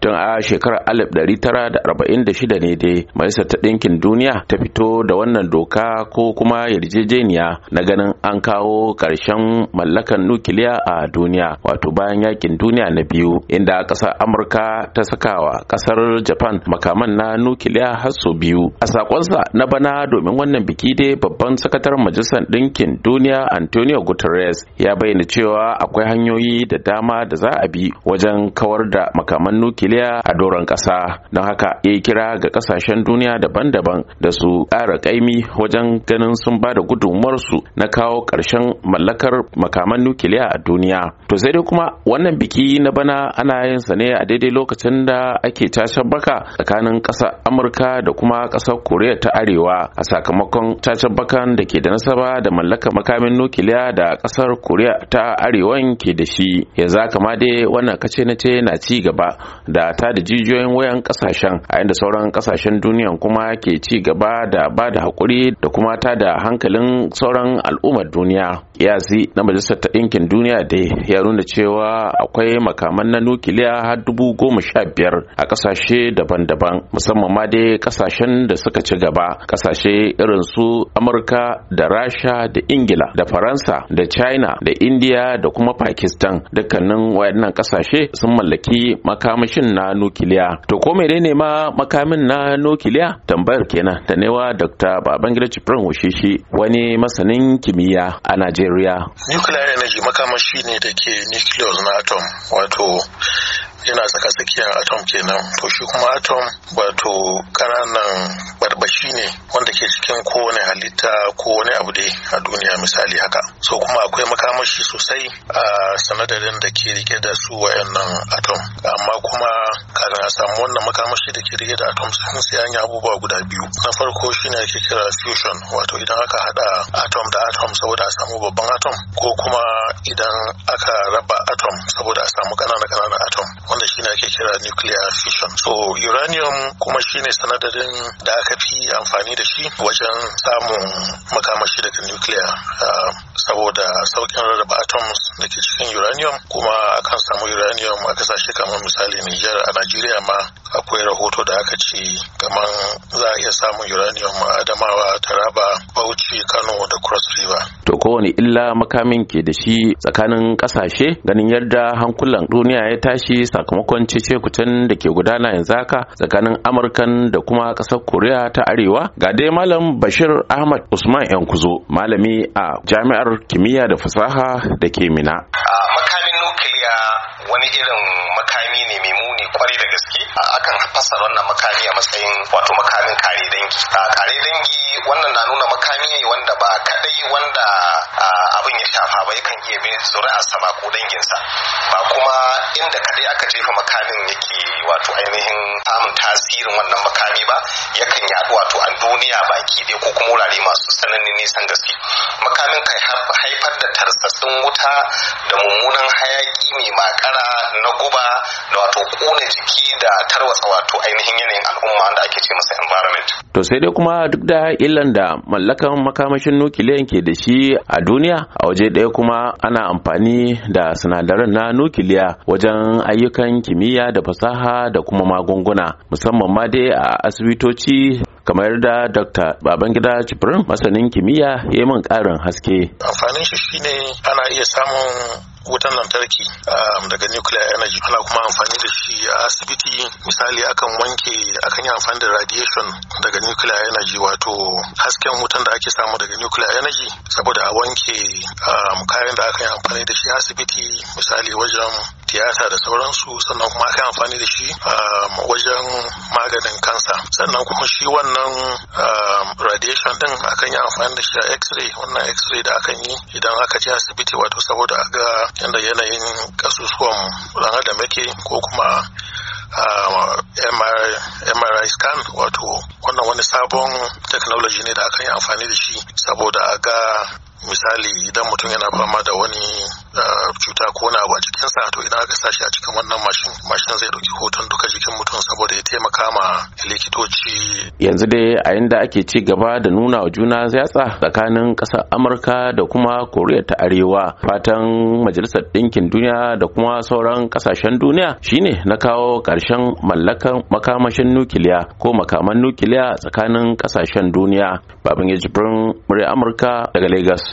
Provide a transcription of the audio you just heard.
tun a shekarar alif ɗari tara da da arba'in shida ne dai majalisar ta ɗinkin duniya ta fito da wannan doka ko kuma yarjejeniya na ganin an kawo ƙarshen mallakan nukiliya a duniya wato bayan yakin duniya na biyu inda ƙasar amurka ta sakawa ƙasar japan makaman na nukiliya har sau biyu a sakonsa na bana domin wannan biki dai babban sakataren majalisar ɗinkin duniya antonio guterres ya bayyana cewa akwai hanyoyi da dama da za a bi wajen kawar da makaman nukiliya nukiliya a doron ƙasa don haka ya yi kira ga kasashen duniya daban-daban da su ƙara ƙaimi wajen ganin sun ba da gudunmuwarsu na kawo ƙarshen mallakar makaman nukiliya a duniya to sai dai kuma wannan biki na bana ana yin sa ne a daidai lokacin da ake cacen baka tsakanin ƙasar amurka da kuma ƙasar koriya ta arewa a sakamakon cacen bakan da ke da nasaba da mallakar makamin nukiliya da ƙasar koriya ta arewa ke da shi yanzu kama dai wannan kace na ce na ci gaba da ta da jijiyoyin wayan kasashen a inda sauran kasashen duniya kuma ke ci gaba da ba da hakuri da kuma ta da hankalin sauran al'ummar duniya zi na majalisar ta ɗinkin duniya da ya nuna cewa akwai makaman na nukiliya har dubu goma sha biyar a kasashe daban-daban musamman ma dai kasashen da suka ci gaba kasashe irin su amurka da rasha da ingila da faransa da china da Indiya da kuma pakistan dukkanin waɗannan kasashe sun mallaki makamashin makamin na nukiliya to ko menene ma makamin na nukiliya tambayar kenan da newa dr babangida Cipran wushishi wani masanin kimiyya a najeriya nuclear energy makamashi ne da ke nucleus na atom wato yana saka tsakiyar atom kenan to shi kuma atom wato kananan barbashi ne wanda ke cikin kowane halitta ko wani abu dai a duniya misali haka so kuma akwai makamashi sosai a sanadarin da ke rike da su wayannan atom amma kuma kaga a samu wannan makamashi da ke rike da atom sun sai an yi abubuwa guda biyu na farko shine ake kira fusion wato idan aka hada atom da atom saboda a samu babban atom ko kuma idan aka raba atom saboda a samu kanana kanana atom wanda shine ake kira nuclear fission so uranium kuma shine sanadarin da aka fi amfani da shi wajen samun makamashi daga nuclear ah, saboda saukin rarraba atoms da ke cikin uranium kuma akan samu uranium a kasashe kamar misali Niger a najeriya ma akwai rahoto da aka ce kamar za a iya samun uranium a adamawa taraba bauchi kano da cross river to kowane illa makamin ke da shi tsakanin kasashe ganin yadda hankulan duniya ya tashi sakamakon cece kucin da ke gudana yanzu haka tsakanin amurkan da kuma kasar korea ta arewa ga dai malam bashir ahmad usman yankuzo malami a jami'ar kimiyya da fasaha da ke mina wani irin makami ne mai muni kwarai da gaske akan fassara wannan makami a matsayin wato makamin kare dangi kare dangi wannan na nuna makami ne wanda ba kadai wanda abin ya shafa ba yakan iya bin a sama ko danginsa ba kuma inda kadai aka jefa makamin yake wato ainihin samun tasirin wannan makami ba yakan yaɗu wato a duniya baki ɗaya ko kuma wurare masu tsananin nisan gaske yakan haifar da tarsatsin wuta da mummunan hayaki mai makara na guba da wato kone jiki da tarwatsa wato ainihin yanayin al'umma da ake ce masa environment. To sai dai kuma duk da illan da mallakan makamashin nukiliyan ke da shi a duniya a waje ɗaya kuma ana amfani da sinadaran na nukiliya wajen ayyukan kimiyya da fasaha da kuma magunguna musamman ma dai a asibitoci kamar da Dr. Babangida Jibrin masanin kimiyya ya yi min ƙarin haske. Amfanin shi shine ana iya samun wutan lantarki um, daga nuclear energy ana kuma amfani da shi a asibiti misali akan wanke akan yi amfani da radiation daga nuclear energy wato hasken wutan da ake samu daga nuclear energy saboda a wanke um, kayan da aka yi amfani da shi a asibiti misali wajen tiyata da sauransu sannan kuma aka yi amfani da shi um, wajen maganin kansa sannan kuma shi wannan radiation din akan yi amfani da shi a x-ray wannan x-ray da akan yi idan aka je asibiti wato saboda a ga yadda yanayin kasusuwan ɗan adam yake ko kuma MRI scan wato wannan wani sabon technology ne da akan yi amfani da shi saboda a ga misali idan mutum yana fama da wani cuta ko na ba a sa to idan aka sashi a cikin wannan mashin mashin zai dauki hoton duka jikin mutum saboda ya taimaka ma likitoci. Yanzu dai a yanda ake ci gaba da nuna wa juna yatsa tsakanin kasar Amurka da kuma Koriya ta Arewa fatan Majalisar Ɗinkin Duniya da kuma sauran kasashen duniya shine na kawo ƙarshen mallakan makamashin nukiliya ko makaman nukiliya tsakanin kasashen duniya. Babin Jibrin Murya Amurka daga Lagos.